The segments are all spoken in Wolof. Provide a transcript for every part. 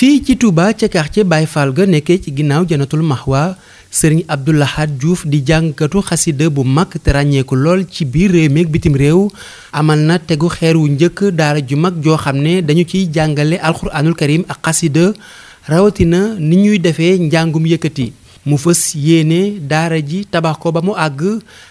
fii ci Touba ca quartier Baye Fall ga nekkee ci ginnaaw janatul mahwa sëriñ Abdou Lahad Diouf di jàngkatu xasida bu mag te ràññeeku lool ci biir réew meeg bitim réew amal na tegu xeer wu njëkk daara ju mag joo xam ne dañu ciy jàngale alxuraanul karim ak xasida rawatina ni ñuy defee njàngum yëkkati mu fës yéene daara ji tabax ko ba mu àgg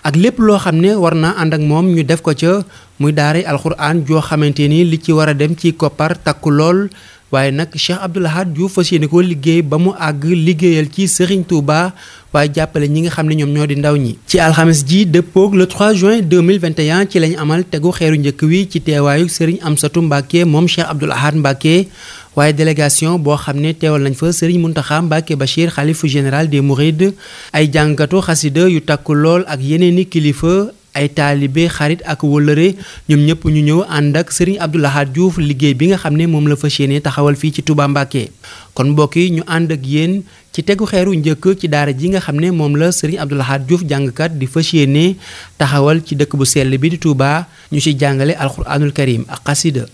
ak lépp loo xam ne war na ànd ak moom ñu def ko ca muy daaray alxuraan joo xamante ni li ci war a dem ci koppar takku lool waaye nag Cheikh Abdoul Ahad Diouf fas yéene liggéey ba mu àgg liggéeyal ci Serigne Touba waaye jàppale ñi nga xam ne ñoom ñoo di ndaw ñi. ci alxames ji dëppoog le 3 juin 2021 ci lañ amal tegu xeeru njëkk wi ci teewaayu Serigne Amsatou Mbacke moom Cheikh Abdoul Ahad Mbacke. waaye délégation boo xam ne teewal nañ fa Serigne Mountakha Mbacke Bachir xalifu général des Mourides ay jàngatu xasida yu takku lool ak yeneeni kilifa. ay taalibe xarit ak wëllëre ñoom ñëpp ñu ñëw ànd ak Serigne Abdou Lahad Diouf liggéey bi nga xam ne moom la fas yéene taxawal fii ci Touba Mbacké kon mbokk yi ñu ànd ak yéen ci tegu xeeru njëkk ci daara ji nga xam ne moom la sëriñ Abdou Lahad jàngkat di fas yéene taxawal ci dëkk bu sell bi di tuuba ñu ci jàngale alxuraanul karim ak xasida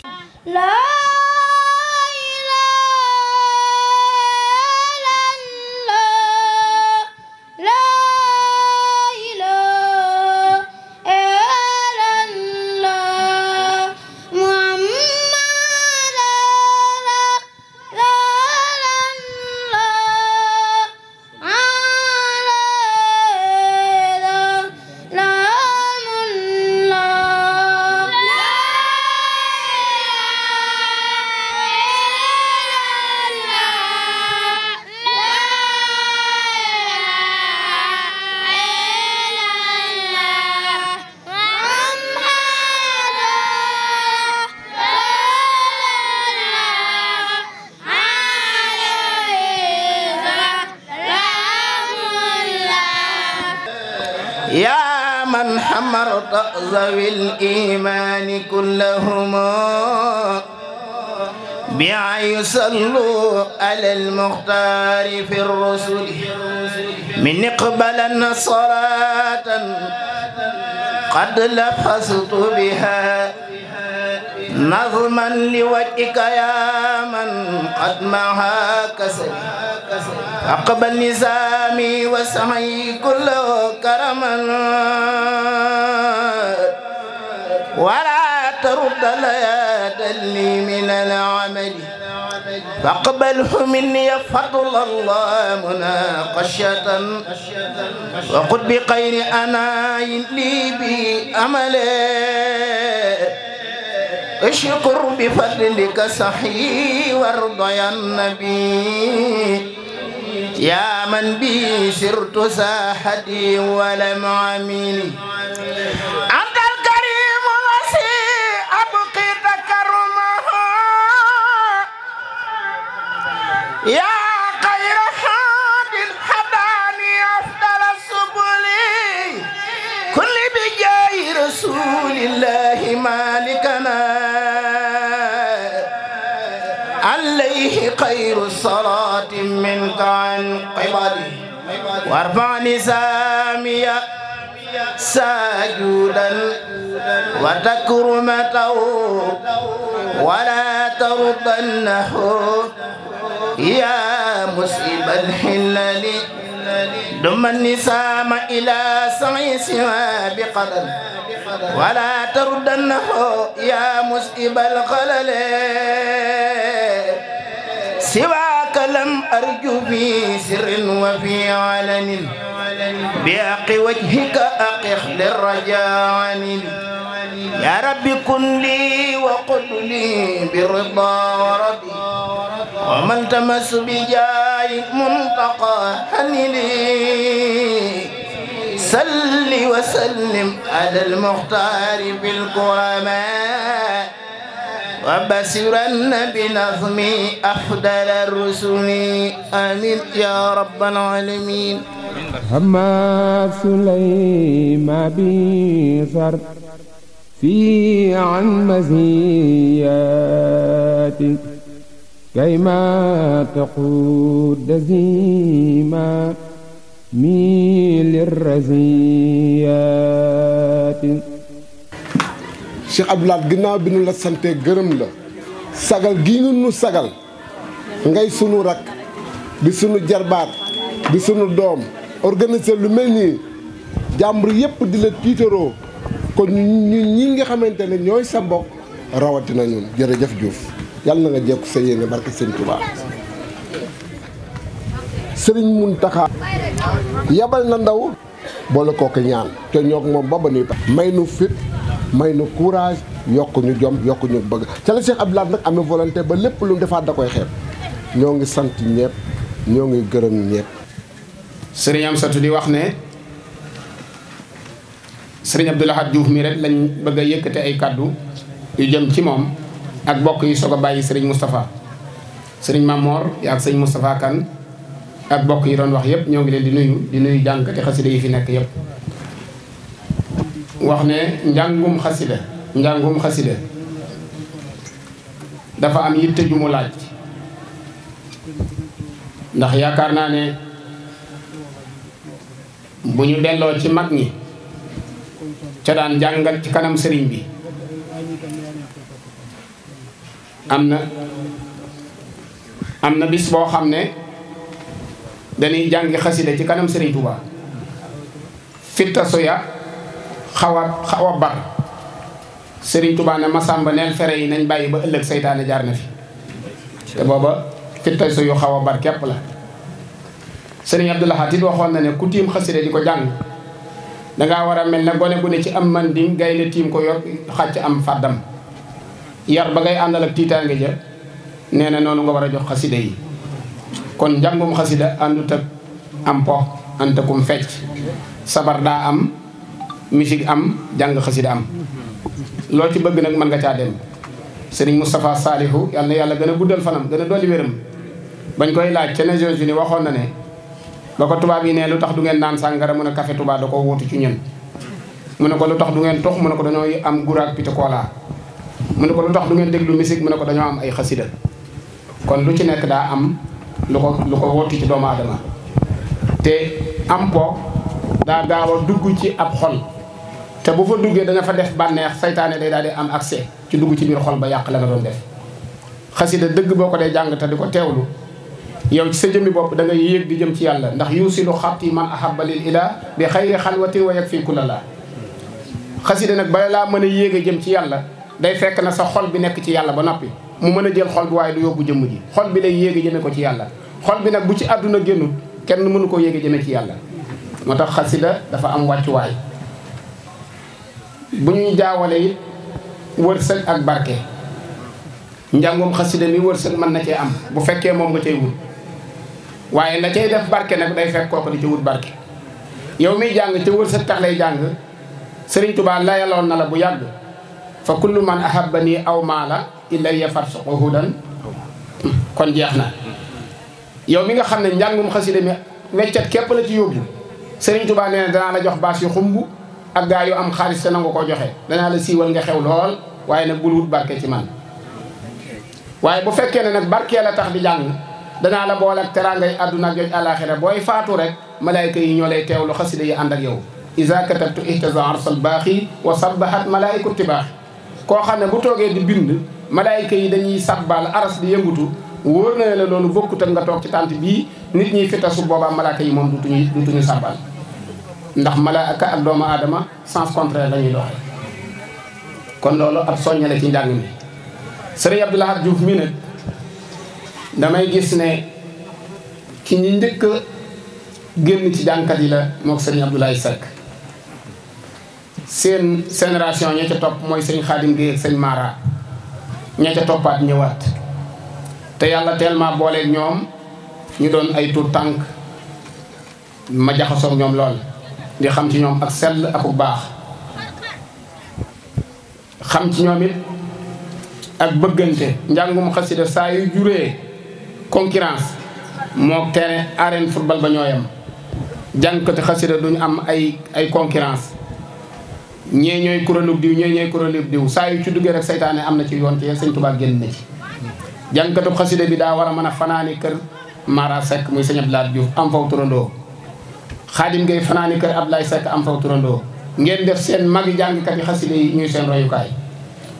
وخطأ ذوي الإيمان كلهما بعي صلوا على المختار في الرسل من اقبلا صلاة قد لفظت بها نظما لوجهك يا من قد معها كسل عقب النزام والسعي كله كرما ولا ترد ليا دلي من العمل فاقبله مني فضل الله مناقشة وقد بغير أنا لي بأمل اشكر بفضلك صحي وارضى يا النبي يا من به سرت ساحتي ولم عميني أنت الكريم الذي أبقي تكرمه يا خير حاد هداني أفضل السبل كل بجاه رسول الله مالكنا عليه خير الصلاة وارفعك عن عبادي وارفع نسامي ساجدا وتكرمته ولا ترضنه يا مسلم الحلل دم النسام إلى سمع سوى بقدر ولا تردنه يا مسئب الخلل سوى أرجو في سر وفي علن بأق وجهك أقخ للرجاء عني يا رب كن لي وقل لي برضا وربي ومن تمس بجاي منطقى هني سل وسلم على المختار بالكرماء وبسرا بنظم أفضل الرسل آمين يا رب العالمين أما سليم بيثر في عن مزيات كيما تقود زيما ميل الرزيات Cheikh ab Lahad ginnaaw bi nu la sante gërëm la sagal gi nga nu sagal ngay sunu rakk di sunu jarbaat di sunu doom organiser lu mel nii jàmbur yëpp di la tiitaroo kon ñu ñi nga xamante ne ñooy sa mbokk rawatina ñun jërëjëf juuf yàlla na nga jekku sa yéene barke sëñ Tuubaa sëriñ Muntaxa yabal na ndaw boole kooku ñaan te ñoog moom ba ba nuy may nu fit may nu courage yokk ñu jom yokk ñu bëgg ca la Cheikh Abdoulaye nag amee volonté ba lépp lu mu defaat da koy xeeb ñoo ngi sant ñëpp ñoo ngi gërëm ñëpp. sëriñ Amsatou di wax ne sëriñ Abdou Lahad Diouf mi rek lañ bëgg a yëkkate ay kàddu yu jëm ci moom ak bokk yi soog a bàyyi sëriñ Moustapha sëriñ Mamor ak sëriñ Moustapha Kane ak bokk yi doon wax yëpp ñoo ngi leen di nuyu di nuyu jànkati xasida yi fi nekk yëpp. wax ne njàngum xasida njàngum xasida dafa am yitte ju laaj ndax yaakaar naa ne bu ñu delloo ci mag ñi ca daan jàngal ci kanam sëriñ bi am na am na bis boo xam ne dañuy jàngi xasida ci kanam sëriñ Tuubaa fitta soya xaw a xaw a bar Sëriñ Tuubaa ne Masamba neel fere yi nañ bàyyi ba ëllëg seytaane jaar na fi te booba fitta su yu xaw a bar képp la Sëriñ Abdou Lahad it waxoon na ne ku tiim xasida di ko jàng dangaa war a mel ne gone gu ci am man di gaynde tiim ko yor xàcc am fàddam yar ba ngay àndal ak tiitaange ja nee na noonu nga war a jox xasida yi kon njàngum xasida àndut ak am po àntakum fecc sabar daa am musique am jàng xasida am loo ci bëgg nag mën nga caa dem sëriñ Moustapha Salihu yàlla na yàlla gën a guddal fanam gën a dolli wéram bañ koy laaj ca Nations Unies waxoon na ne ba ko tubaab yi ne lu tax du ngeen naan sàngara mu ne café Touba da ko wuutu ci ñun mu ne ko lu tax du ngeen tox mu ne ko dañoo am guraak pite koolaa mu ne ko lu tax du ngeen déglu musique mu ne ko dañoo am ay xasida kon lu ci nekk daa am lu ko lu ko wotti ci doomu aadama te am po daa gaaw a ci ab xol te bu fa duggee da fa def bànneex saytaane day daal di am accès ci dugg ci biir xol ba yàq la nga doon def xasida dëgg boo ko dee jàng te di ko teewlu yow ci sa jëmmi bopp da ngay yéeg di jëm ci yàlla ndax yuusilu xatti man ahabba lil ila bi xayri xalwatin wa yakfi kulla la xasida nag ba laa mën a yéeg a jëm ci yàlla day fekk na sa xol bi nekk ci yàlla ba noppi mu mën a jël xol bi waaye du yóbbu jëmm ji xol bi lay yéeg a jëme ko ci yàlla xol bi nag bu ci àdduna génnul kenn mënu koo yéeg a jëme ci yàlla moo tax xasida dafa am wàccuwaay bu ñuy jaawale it wërsëg ak barke njàngum xasida mi wërsëg man na cee am bu fekkee moom nga cay wut waaye la cay def barke nag day fekk kooku di ci wut barke yow miy jàng ci wërsëg tax lay jàng Sëriñ Tuubaa layaloon na la bu yàgg fa kullu man ahabba nii aw maala ilayya farsuquhu dan kon jeex na yow mi nga xam ne njàngum xasida mi weccat képp la ci yóbbu Sëriñ nee na danaa la jox baas yu xumb ak gaa yu am xaalis te nangu koo joxe danaa la siiwal nga xew lool waaye nag bul wut barke ci man waaye bu fekkee ne nag barkee a tax di jàng danaa la boole ak teraangay àdduna ak joj booy faatu rek malaayka yi ñoo lay loxo xasida yi ànd ak yow isa katabtu ihtaza arsal baaxi wa sabbahat malaayku tibaax koo xam ne bu toogee di bind malaayka yi dañuy sàbbaal aras di yëngutu wóor na la loolu bokkut ak nga toog ci tànt bii nit ñiy fitasu boobaa malaayka yi moom dutuñu dutuñu sàbbaal ndax malaaka ak doomu aadama sens contraire la ñuy kon loolu ab soññale ci njàng mi sëriñ Abdou Lahad Diouf mi nag damay gis ne ki ñu njëkk génn ci jànkat yi la moog sëriñ Abdoulaye Seck seen génération ña ca topp mooy sëñ Xaadim Géey ak sëñ Mara ña ca toppaat ñëwaat te yàlla tellement booleeg ñoom ñu doon ay tuur tànk ma jaxasoog ñoom lool di xam ci ñoom ak sell ak baax xam ci ñoom it ak bëggante njàngum xasida saa yu juree concurrence moo terrain arène football ba ñooyam jàngkati xasida duñu am ay ay concurrence ñee ñooy kuréelub diw ñee ñooy kuréelub diw saa yu ci duggee rek seytaane am na ci yoon ci sëñ Tuubaa génn na ci jàngkatu xasida bi daa war a mën a fanaani kër Mara Seck muy sëñ laa Diouf am faw turandoo xaadim ngay fanaani kër Ablaye Seck am faw turandoo ngeen def seen magi jàngkat yi xaside yi ñuy seen royukaay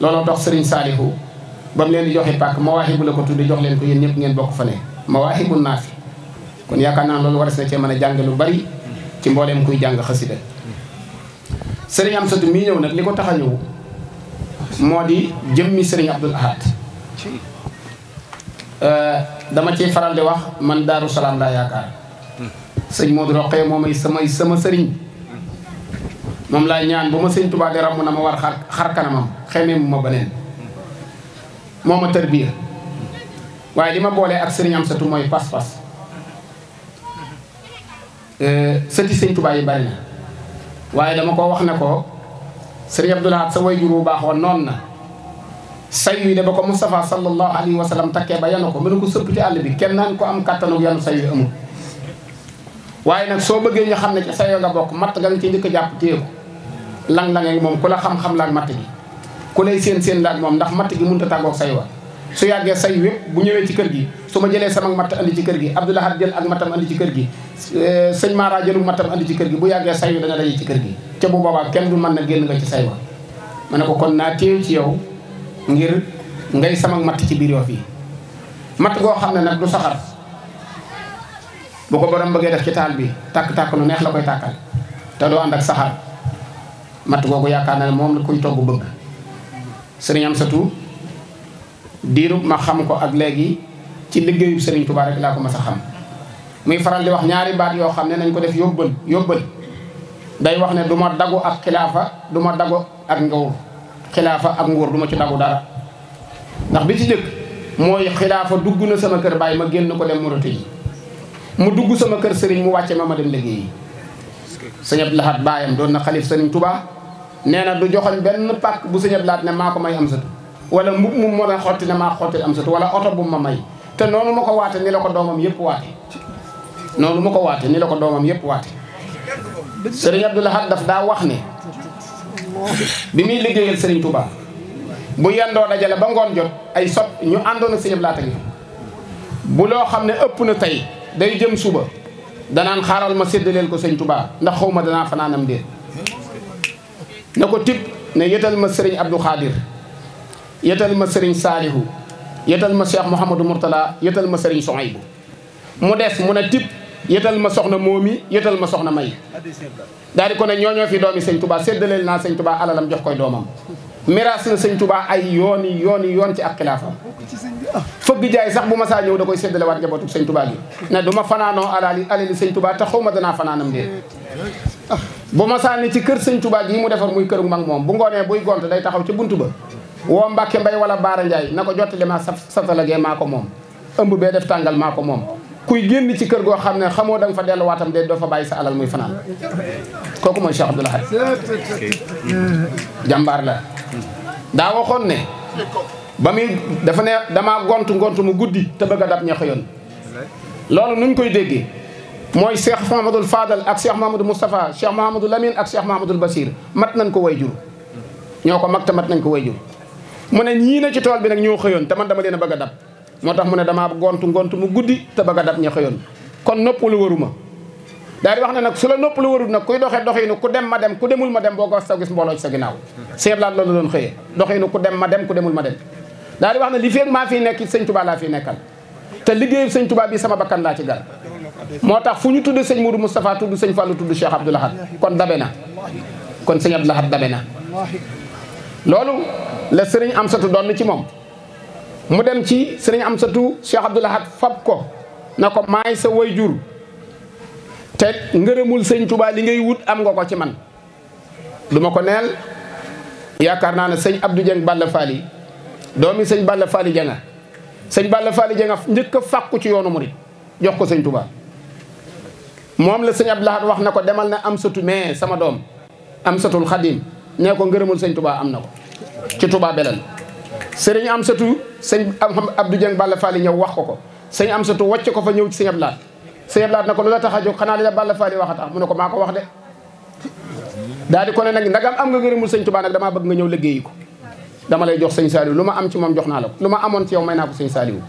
looloo tax sëriñ saalihu ba mu leen di joxe pàkk mawaahibu la ko tudde jox leen ko yéen ñëpp ngeen bokk fa ne mawaahibu naafi kon yaakaar naa loolu war na cee man a jàng lu bari ci mbooleem kuy jàng xasida sëriñ Amsatu mii ñëw nag li ko tax a ñëw moo di jëmmi sëriñ Abdul Ahad euh, dama ciy faral di wax man Daaru Salaam laa yaakaar sëñ moo Modou Roqee moomay samay sama sëriñ moom laa ñaan ba ma sëñ Tuubaa di ràmm na ma war xar xar kanamam xemee mu ma beneen moo ma tërbiya waaye li ma boolee ak sëriñam Amsatu mooy pas-pas euh, sëti sëñ Tuubaa yi bari na waaye dama koo wax ne ko sëriñ Abdou Lahad sa jur bu baaxoon noonu na say wi de ba ko Moustapha sallallahu alayhi wa sallam takkee ba yanu ko mënu ko sëpp ci àll bi kenn naan ko am kàttanu yanu say wi amul waaye nag soo bëggee ñu xam ne ci sa yoo nga bokk matt nga nga ci njëkk a jàpp téye ko lang-lang moom ku la xam-xam laak matt gi ku lay séen seen laak moom ndax matt gi mun ta tàggoog say wa su yàggee say wépp bu ñëwee ci kër gi su ma jëlee sama matt andi ci kër gi abdoulahar jël ak mattam andi ci kër gi euh, sëñ maara jëlu mattam andi ci kër gi bu yàggee say wi dana daje ci kër gi ca bu boobaa kenn du mën na génn nga ci say wa ma ne ko kon naa téye ci yow ngir ngay sama matt ci biir yoo fii matt goo xam ne nag du saxaar bu ko borom bëggee def ci taal bi tàkk-tàkk lu neex la koy tàkkal te doo ànd ak saxaar matt kooku yaakaar na ne moom la kuy togg bëgg sa Amsatu diirub ma xam ko ak léegi ci liggéeyub sëriñ Tuubaa rek laa ko ma sa xam muy faral di wax ñaari baat yoo xam ne nañ ko def yóbbal yóbbal day wax ne du ma dagu ak xilaafa du ma dagu ak nguur xilaafa ak nguur du ma ci dagu dara ndax bi ci njëkk mooy xilaafa dugg na sama kër baay ma génn ko dem Mauritanie mu dugg sama kër sëriñ mu wàcce ma ma dem léegi sëñ Abdou Lahad baayam doon na xalif sëriñ tubaa nee na du joxoñ benn pàkk bu sëñ Abdou ne maa ko may am satu wala mbub mu xotti ne maa xottil am satu wala oto bu ma may te noonu ma ko waate ni la ko doomam yëpp waate noonu ma ko waate ni la ko doomam yëpp waate sëriñ Abdou Lahad daf daa wax ne bi muy liggéeyal sëriñ Touba bu yendoo dajale ba ngoon jot ay sot ñu àndoon ak sëñ Abdou Lahad bu loo xam ne ëpp na tey day jëm suba danaan xaaral ma séddaleel ko sëñ Touba ndax xaw ma danaa fanaanam déet na ko tib ne yetal ma sëriñ Abdou Khadir yetal ma sëriñ Saalihu yetal ma Cheikh Mouhamadou Mourtala yetal ma sëriñ Sohaybu mu des mu ne tib yetal ma soxna moomi yetal ma soxna may daal di ko ne ñooñoo fi doomi sëñ Touba séddaleel naa sëñ Touba alalam jox koy doomam miraas na sëñ tubaa ay yoon yooni yoon ci ak xilaafam fëgg jaay sax bu ma saa ñëw da koy séddale waat njabootu sëñ tubaa gi ne du ma fanaanoo alaali alali sëñ Touba te xaw ma danaa fanaanam dee bu ma saa ci kër sëñ Touba gi mu defar muy kër gu mag moom bu ngoonee buy gont day taxaw ci bunt ba woo Mbàkke Mbay wala Baara Njaay na ko jottali maa sa satalagee maa ko moom ëmb bee def tàngal maa ko moom kuy génn ci kër goo xam ne xamoo da nga fa delluwaatam de doo fa bàyyi sa alal muy fanaan kooku mooy Cheikh Abdoul jàmbaar la daa waxoon ne ba muy dafa ne damaa gontu ngont mu guddi te bëgg dab ñax yoon loolu nuñ koy déggee mooy Cheikh Mahamadul Fadal ak Cheikh Mahamadul Moustapha Cheikh Mahamadul Lamine ak Cheikh Mahamadul Basir mat nañ ko way jur ñoo ko mag te mat nañ ko way jur mu ne ñii ne ci tool bi nag ñoo xëyoon te man dama leen a bëgg a dab moo tax mu ne damaa gontu ngont mu guddi te bëgg a dab ña xëyoon kon noppalu ma daal di wax ne nag su la nopp lu warul nag kuy doxee doxinu ku dem ma dem ku demul ma dem boo ko sa gis mbooloo ci sa ginnaaw seeblaat loolu doon dem ma dem ku demul ma dem daal di wax ne li feeg maa fii nekk sëñ Tuubaa laa fii nekkal te liggéeyu sëñ Tuubaa bi sama bakkan laa ci gar moo tax fu ñu tudd sëñ Mourou Moustapha tudd sëñ Fallou tudd Cheikh Abdoul Ahad kon dabe na kon sëñ Abdoul Ahad dabe na loolu la sëriñ Amsatu doon ci moom mu dem ci sëriñ Amsatu Cheikh Abdoul Ahad fab ko na ko maay sa way jur te ngërëmul sëñ tubaa li ngay wut am nga ko ci man du ma ko neel yaakaar naa ne sëñ Abdou Dieng Balla Fally doomi sëñ Balla Fally Dieng sëñ Balla Fally Dieng njëkk a fàkku ci yoonu murit jox ko sëñ Touba moom la sëñ Abdou Lahad wax na ko demal na am satu mais sama doom am satul xadim nee ko ngërëmul sëñ tubaa am na ko ci Touba Belel sëriñ am satu sëñ ab Abdou Dieng Balla Fally ñëw wax ko ko sëñ am satu wàcc ko fa ñëw ci sëñ Abdou sëñ na ko lu la tax a jóg xanaa li la Balla Fally wax a tax mu ne ko maa ko wax de daal di ko ne nag ndagam am nga ngërëmul sëñ Tuubaa nag damaa bëgg nga ñëw liggéeyi ko dama lay jox sëñ Saliou lu ma am ci moom jox naa la ko lu ma amoon ci yow may naa ko sëñ Saliou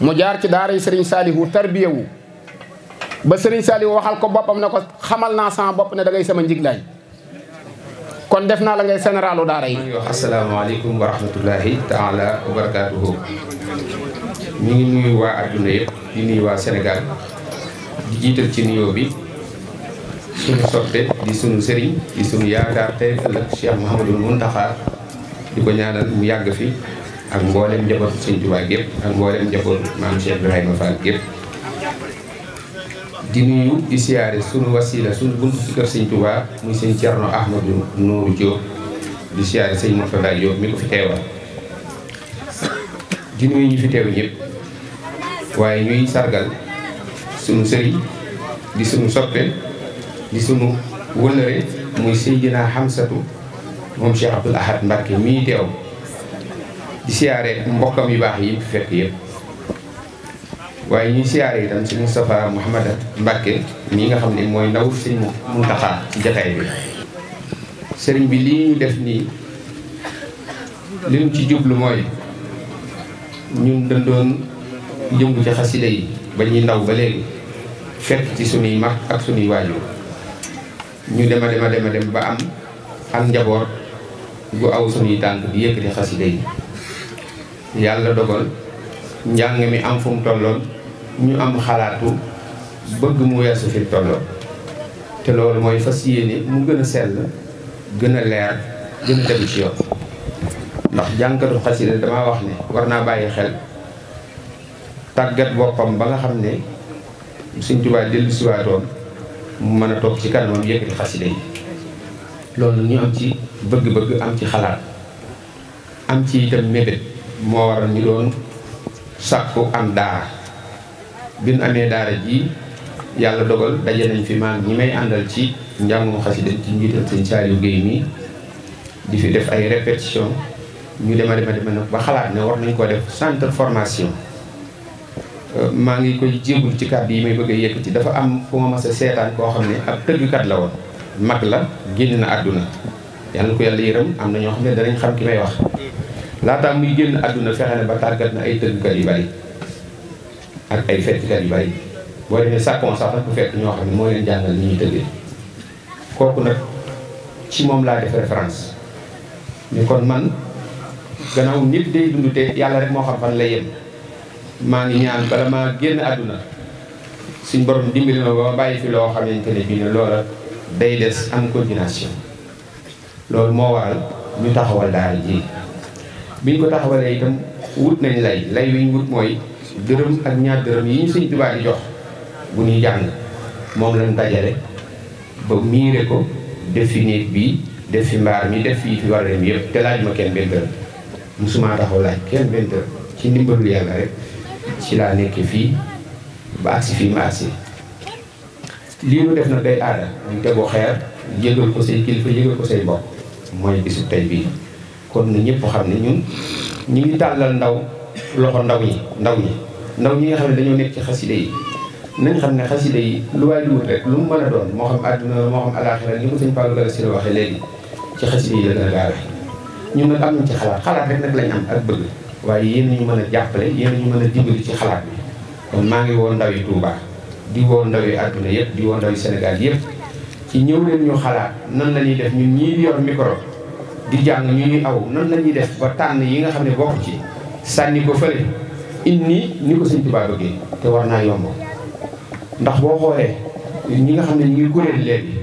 mu jaar ci daara yi sëriñ Saliou tarbiya wu ba sëriñ Saliou waxal ko boppam ne ko xamal naa sama bopp ne da sama njiglaay kon def naa la ngay généralu daara yi asalaamaaleykum wa rahmatullahi taala wa barakaatuhu ñu ngi nuyu waa adduna yëpp di di jiital ci nuyoo bi suñu soppe di suñu sëriñ di suñu yaakaar tey ëllëg Cheikh Mouhamadul Mountakha di ko ñaanal mu yàgg fi ak mboolem njabootu Sëriñ Tuubaa gépp ak mboolem njabootu maam di nuyu di siyaare suñu wasila suñu buntu ci kër Sëriñ Tuubaa muy sëñ Thierno Ahmadou Nourou Diop di siyaare sëñ Mourtada Diop mi ko fi teewal di nuyu ñu fi teew ñëpp waaye ñuy sargal suñu sëriñ di suñu soppe di suñu wëlëre muy Seydina Hamsatu moom Cheikh Abdoul Ahad Mbacké mii teew di siyaare mbokkam yu baax yi fi fekk yëpp waaye ñuy siyaare itam si Moustapha Mouhamad Mbacké mii nga xam ne mooy ndaw sëriñ Mountakha ci jataay bi sëriñ bi lii ñu def nii li mu ci jublu mooy ñun dañ doon yëngu yi ba ñuy ndaw ba léegi fekk ci sunuy mag ak sunuy waajur ñu dema a dem a dem ba am ak njaboot gu aw sunuy tànk di yëkkati xasida yi yàlla dogal njàng mi am fu tolloon ñu am xalaatu bëgg mu weesu fi tolloon te loolu mooy fas yéene mu gën a sell gën a leer gën a tegu ci yoon ndax jànkatu xasida damaa wax ne war naa bàyyi xel tàggat boppam ba nga xam ne Sëñ Tuubaa dellu si mu mën a toog ci kanamam yëkkati xasida yi loolu ñu am ci bëgg-bëgg am ci xalaat am ci itam mébét moo waral ñu doon sàkku am daara bi nu amee daara ji yàlla dogal daje nañ fi maam ñi may àndal ci njàngum xasida ci njiital sëñ Saliou Guèye mii di fi def ay répétition ñu dema dema dema nag ba xalaat ne war nañ ko def centre formation Euh, maa ngi koy jébul ci kàddu yi may bëgg a ci dafa am fu ma mas a seetaan koo xam ne ab tëggkat la woon mag la génn na àdduna yàlla ko yàlla yërëm am na ñoo xam ne danañ xam ki may wax laataa muy génn àdduna fexe na ba tàggat na ay tëggkat yu bari ak ay fettkat yu bari boo demee sàkkoon sax nag bu fekk ñoo xam ne moo leen jàngal ni ñuy tëggee kooku nag ci moom laa def référence ni kon man gannaaw nit day dund te yàlla rek moo xam fan lay maa ngi ñaan bala maa génn àdduna suñ borom dimbali ma ba ma bàyyi fi loo xamante ne bii ne loola day des am coordination loolu moo waral ñu taxawal daal ji biñ ko taxawalee itam wut nañ lay lay wiñ wut mooy dërëm ak ñaar dërëm yi ñu Sëñ Tuubaa di jox bu ñuy jàng moom lañ dajale ba miire ko def fi néeg bii def fi mbaar mi def fi fi wàllam yëpp te laaj ma kenn benn dërëm taxaw laaj kenn benn dërëm ci ndimbalul yàlla rek ci laa nekkee fii ba agsi fii ma agsi lii nu def na day aada ñu tegu xeer jégal ko say kilifa jégal ko say mbokk mooy bisu tey bii kon na ñëpp xam ne ñun ñu ngi tàllal ndaw loxo ndaw ñi ndaw ñi ndaw ñi nga xam ne dañoo nekk ci xaside yi nañ xam ne xaside yi lu waay di wut rek lu mu a doon moo xam àdduna moo xam alaaxira ni ko sëñ Fallou waxee léegi ci xaside yi la gën a gaawe ñun nag am ci xalaat xalaat rek nag lañ am ak bëgg waaye yéen ñu mën a jàppale yéen ñu mën a dimbali ci xalaat bi kon maa ngi woo ndaw yi Touba di woo ndaw àdduna yëpp di woo ndaw senegal Sénégal yëpp ci ñëw leen ñu xalaat nan la ñuy def ñu ñii yor micro di jàng ñu ñuy aw nan la ñuy def ba tànn yi nga xam ne bokk ci sànni ko fële indi ni ko sëñ Touba bëggee te war naa yomb ndax boo xoolee ñi nga xam ne ñu ngi kuréel léegi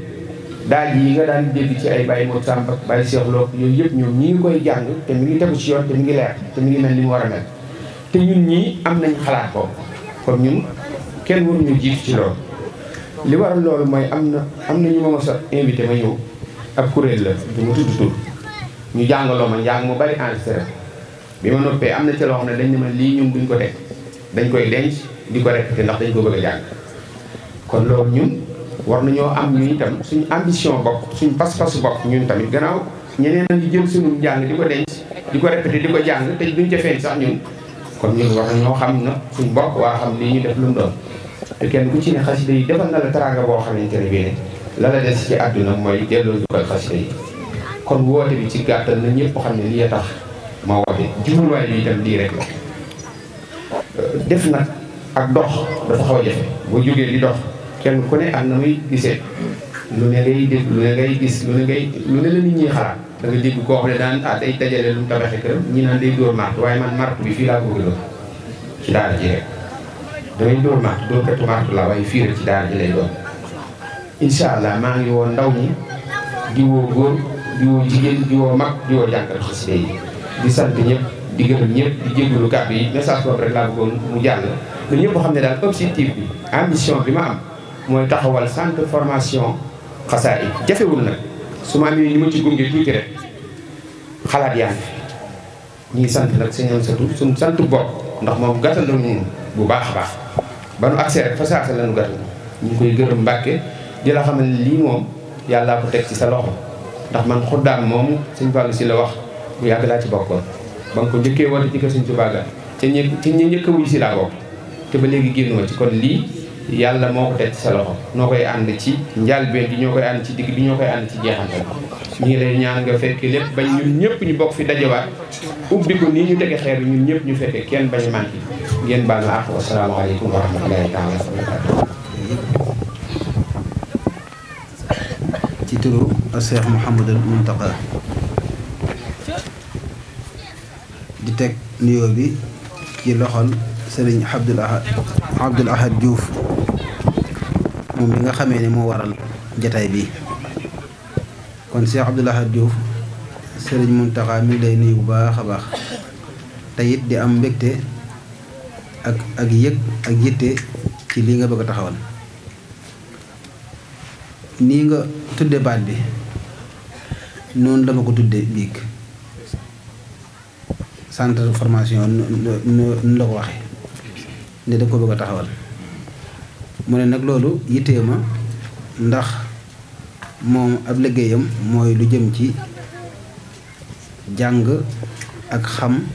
daal yi nga daan dégg ci ay bàyyi moo sàmp ak bàyyi seex look yooyu yëpp ñoom ñi ngi koy jàng te mi ngi tegu ci yoon te mu ngi leer te mi ngi mel ni mu war a mel te ñun ñii am nañ xalaat boobu kon ñun kenn waruñu jiitu ci loolu li waral loolu mooy am na am na ñu ma mos invité ma ñëw ak kuréel la du ma tudd tur ñu jàngaloo ma njàng mu bari enregistré bi ma noppee am na ci loo xam ne dañ ne lii ñun duñ ko teg dañ koy denc di ko répété ndax dañ ko bëgg a jàng war nañoo am ñu itam suñu ambition bopp suñu pas-pasu bopp ñun tamit gannaaw ñeneen a ngi jël suñu jàng di ko denc di ko répété di ko jàng te duñ ca feeñ sax ñun kon ñun war nañoo xam na suñu bopp waa xam lii ñu def lu mu doon te kenn ku ci ne xasida yi defal na la teraanga boo xam ne bii ne la la des ci àdduna mooy delloo jukkal xasida yi kon woote bi ci gàttal na ñëpp xam ne lii a tax ma woote jubluwaay bi itam lii rek la def nag ak dox dafa xaw jafe boo jógee di dox kenn ku ne am na muy gisee lu ne ngay dégg lu ne ngay gis lu ne ngay lu ne la nit ñi xalaat da nga dégg koo xam ne daan ah day dajale lu mu tabaxee këram ñi naan day dóor mart waaye man mart bi fii laa bëgg dóor ci daara ji rek ci daara ji lay doon incha allah maa ngi woon ndaw ñi di woo góor di woo jigéen di mag di woo ñëpp di gërëm ñëpp di jégalu kàddu rek laa bëggoon mu jàll na ñëpp xam ne daal objectif bi ambition bi ma am mooy taxawal centre formation xasaayid jafewul nag su ma amee ñu ma ci gunge tuuti rek xalaat yaa ngi sant nag seen satu suñ sant bot ndax moom gàttal nañu bu baax a baax ba nu accès rek fa saasa la nu gàttal ñu ngi koy gërëm mbàkke di la xamal lii moom yàllaa ko teg ci sa loxo ndax man xuddaam moom sëñ Fallou si la wax bu yàgg laa ci bokkoon ba nga ko njëkkee woote ci kër sëñ Tuubaa ga ca ñi ca ñi njëkk wuy si laa bokk te ba léegi génnoo ci kon lii yàlla moo ko teg sa loxo noo koy ànd ci njalbee gi ñoo koy ànd ci digg bi ñoo koy ànd ci jeexantal ñu ngi lay ñaan nga fekke lépp bañ ñun ñëpp ñu bokk fi dajawaat ubbi ko nii ñu tege xeer bi ñun ñëpp ñu fekke kenn bañ man ki ngeen baal ma àq wa salaamaaleykum wa rahmatullahi taala wa barakatu ci turu Cheikh Mouhamadul di teg nuyoo bi ci loxol Serigne Abdoul Ahad Abdoul moom mi nga xamee ne moo waral jataay bi kon Cheikh Abdou Lahad Diouf sëriñ Mountakha mi ngi lay nuyu bu baax a baax te di am mbégte ak ak yëg ak yitte ci lii nga bëgg a taxawal nii nga tudde baat bi noonu dama ko tudde biig centre de formation nu la ko waxe ne da ko bëgg a taxawal mu ne nag loolu yittee ma ndax moom ab liggéeyam mooy lu jëm ci jàng ak xam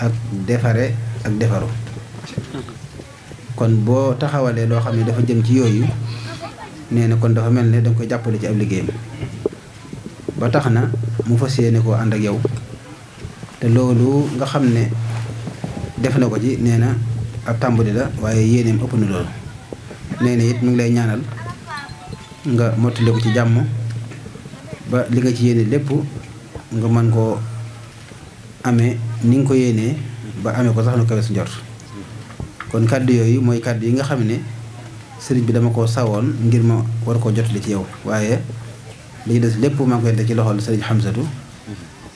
ak defare ak defaru kon boo taxawalee loo xam ne dafa jëm ci yooyu nee na kon dafa mel ne danga ko jàppale ci ab liggéeyam ba tax na mu fas yéene koo ànd ak yow te loolu nga xam ne def na ko ci nee na ab tàmbali la waaye yéeneem ëpp na loolu nee na it mu ngi lay ñaanal nga mottali ko ci jàmm ba li nga ci yéene lépp nga mën koo amee ni nga ko yéenee ba amee ko sax nu kawe su njort kon kàddu yooyu mooy kàddu yi nga xam ne sëriñ bi dama koo sawoon ngir ma war koo jot li ci yow waaye li ci des lépp maa ngi koy teg ci loxol sëriñ Hamsatu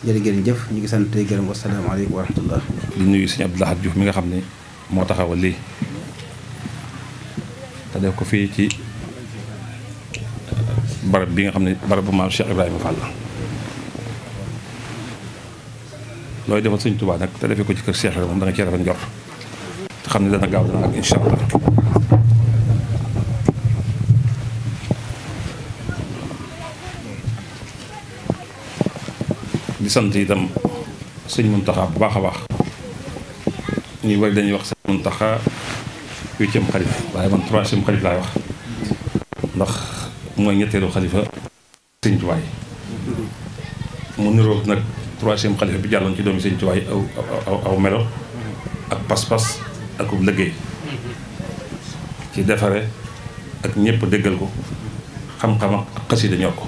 jëf ñu ngi sant tey gërëm wasalaamaaleykum wa rahmatullah. di nuyu sëñ Abdou Lahad Diouf mi nga xam ne moo taxawal lii. def ko fii ci uh, barab bi nga xam ne barab bu maam Cheikh Ibrahima Fall la looy defal sëñ Tuubaa nag te defee ko ci kër Cheikh moom da nga cee rafet njort te xam ne dana gaaw dana ak incha allah di sant itam sëñ Muntaxa bu baax a baax dañuy wax huitième xalif waaye man troisième xalif laay wax ndax mooy ñetteelu xalifa sëñ Tuubaa mu niroog nag troisième xalifa bi jàlloon ci doomi sëñ Tuubaa aw aw aw melo ak pas-pas ak ub ci defare ak ñëpp déggal ko xam-xam ak xasida ñor ko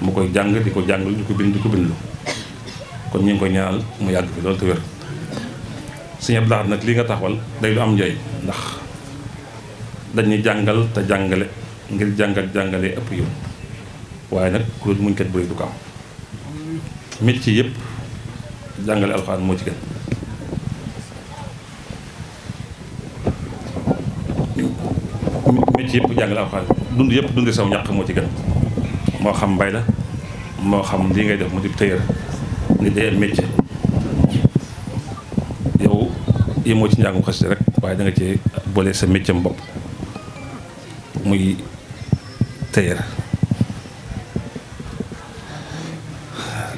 mu koy jàng di ko jàngal di ko bind di kon ñu ngi koy ñaanal mu yàgg fi loolu te wér sëñ Abdou nag li nga taxawal day lu am njooy ndax dañuy jàngal te jàngale ngir jàngal jàngale ëpp yow waaye nag kuréel muñ kat bëri du ko am métier yëpp jàngale alxuraan moo ci gën métier yëpp jàngale alxuraan dund yëpp dund saw ñàq moo ci gën moo xam mbay la moo xam li ngay def mu di tëyër ni day métier yemoo ci njàngum xasida rek waaye danga nga cee sa méccam bopp muy tëyër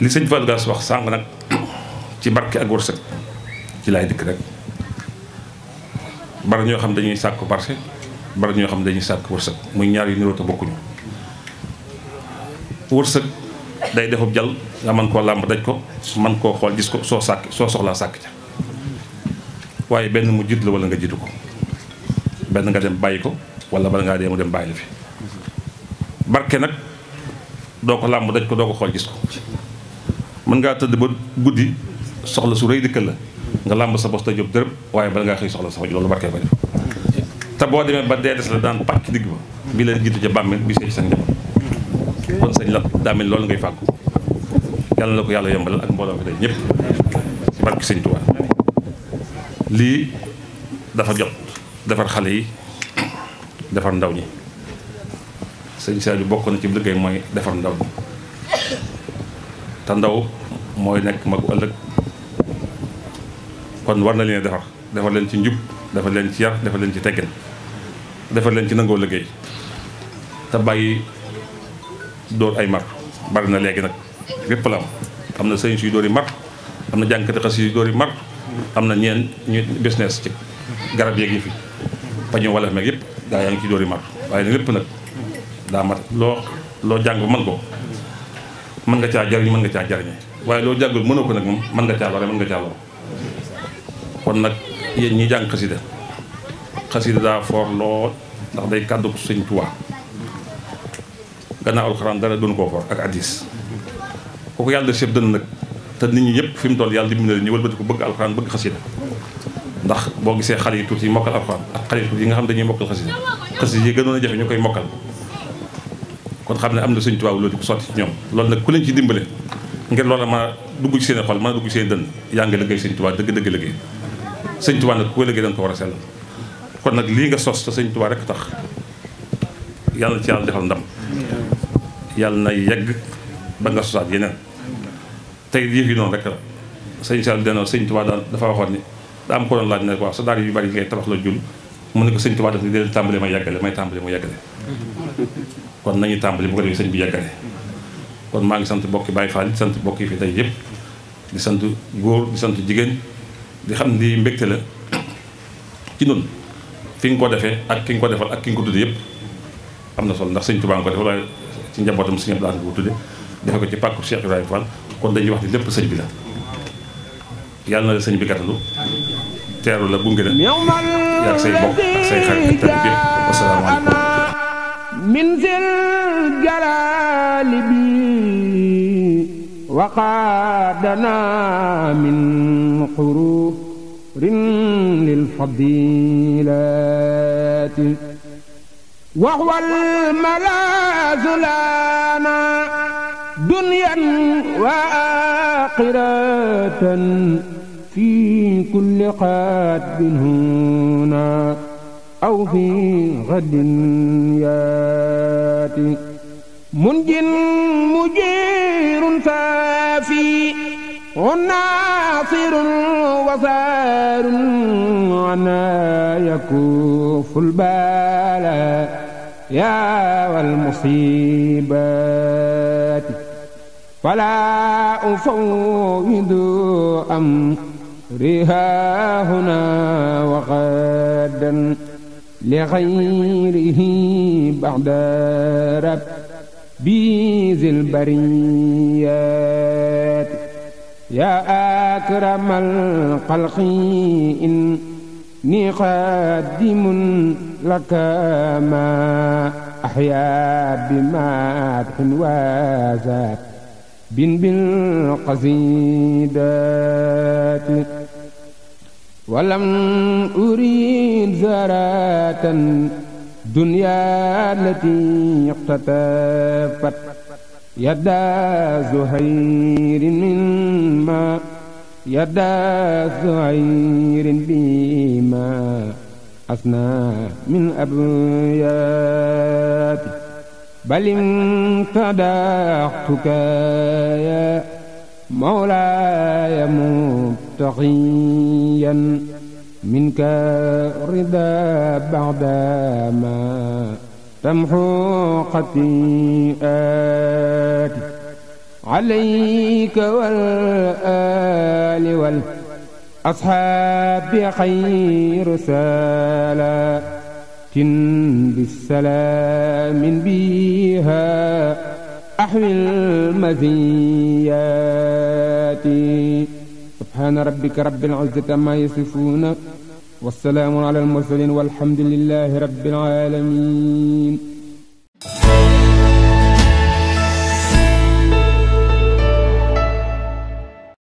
li sëñ Fall Gass wax sànq nag ci barke ak wërsëg ci laay dikk rek bari ñoo xam dañuy sàkk barke bari ñoo xam dañuy sàkk wërsëg muy ñaar yu niroo te bokkuñu wërsëg day defub jal nga mën koo làmb daj ko man koo xool gis ko soo sàkk soo soxlaa sàkk ca waaye benn mu jiit la wala nga jiitu ko benn nga dem bàyyi ko wala bala ngaa dee mu dem bàyyi la fi barke nag doo ko làmb daj ko doo ko xool gis ko mën ngaa tëdd ba guddi soxla su rëy dëkkal la nga làmb sa bos te jóg dërëm waaye bala ngaa xëy soxla sa faj loolu barke ko def te boo demee ba dee des la daan pàcc digg ba bii la jiitu ca bàmmeel bi see ci sa njaboot kon sañ la daa loolu ngay fàggu yàlla la ko yàlla yombalal ak mbooloo fi day ñëpp barke lii dafa jot defar xale yi defar ndaw ñi sëñ Saaliu bokk na ci liggéey mooy defar ndaw ñi te ndaw mooy nekk magu ëllëg kon war na leen defar defar leen ci njub defar leen ci yar defar leen ci teggin defar leen ci nangoo liggéey te bàyyi dóor ay mar bari na léegi nag lépp la am am na sëñ suy dóori mar am na jànkati xas yi dóori mar am na ñeen ñu business ci garab yeeg yi fi pajum wala meeg yëpp gaa yaa ngi ci dóori mar waaye nag lépp nag daa mat loo loo jàng ba mën ko mën nga caa jariñ mën nga caa jariñe waaye loo jàngul mënoo ko nag moom mën nga caa lore kon nag yéen ñi jàng xasida xasida daa foor loo ndax day kàddu ko sëñ Tuubaa gannaaw alxuraan dara doon koo foor ak addis kooku yàlla sëb dën nag te nit ñi yëpp fi mu toll yàlla dimbali ñu wëlbati ko bëgg alxuraan bëgg xasida ndax boo gisee xale yi tuuti yi mokkal alxuraan ak xale yi tuuti yi nga xam dañuy mokkal xasida xasida yi gënoon a jafe ñu koy mokkal kon xam ne am na sëñ tubaab loolu di ko sotti ci ñoom loolu nag ku leen ci dimbale ngir loola mën a dugg ci seen xol mën a dugg ci seen dënn yaa ngi liggéey sëñ tubaab dëgg dëgg liggéey sëñ tubaab nag ku ko liggéey ko war a sell kon nag lii nga sos te sëñ tubaab rek tax yàlla ci yàlla defal ndam yàlla na yegg ba nga sosaat yeneen tey yëf yi noonu rek la sëñ Sall deno sëñ Tuubaa daal dafa waxoon ni da am ko doon laaj ne waaw sa daara yu bari ngay tabax la jul mu ne ko sëñ Tuubaa def ni deel may yàggale may tàmbale mu yàggale kon nañu tàmbale bu ko defee sëñ bi yàggale kon maa ngi sant bokki Baay Faal di sant bokki fi tey yëpp di sant góor di sant jigéen di xam di mbégte la ci noonu fi nga ko defee ak ki nga ko defal ak ki nga ko tudde yëpp am na solo ndax sëñ Tuubaa nga ko def wala ci njabootam sëñ Abdou ci pàkku Cheikh Ibrahima Fall kon dañuy wax ni lépp sëñ bi la yàlla na la sëñ bi gàttalu teeru la gunge la yaag say bokk ak say xarit ak tëdd bi wasalaamaaleykum min zil jalaali bi waqaadana min xururin lil fadilati wa huwa al malaazu lana dunyan wa aaxiratan fi kulli xaatbin huna aw fi xaddin yaati munjin mujirun saafi وناصر وصار عنا يكوف البالا يا والمصيبات فلا أفوض أمرها هنا وغدا لغيره بعد ربي ذي البريات يا أكرم الخلق إني قادم لك ما أحيا بمدح وزاد bin bil qasidaati walam urid zaratan dunya lati iqtatafat yadda zuhairin min ma yadda zuhairin bima asna min abyati بل امتدحتك يا مولاي مبتغيا منك رضا بعدما تمحو خطيئات عليك والآل والأصحاب خير سلام بسلام بها أحوي المزيات سبحان ربك رب العزة ما يصفون والسلام على المرسلين والحمد لله رب العالمين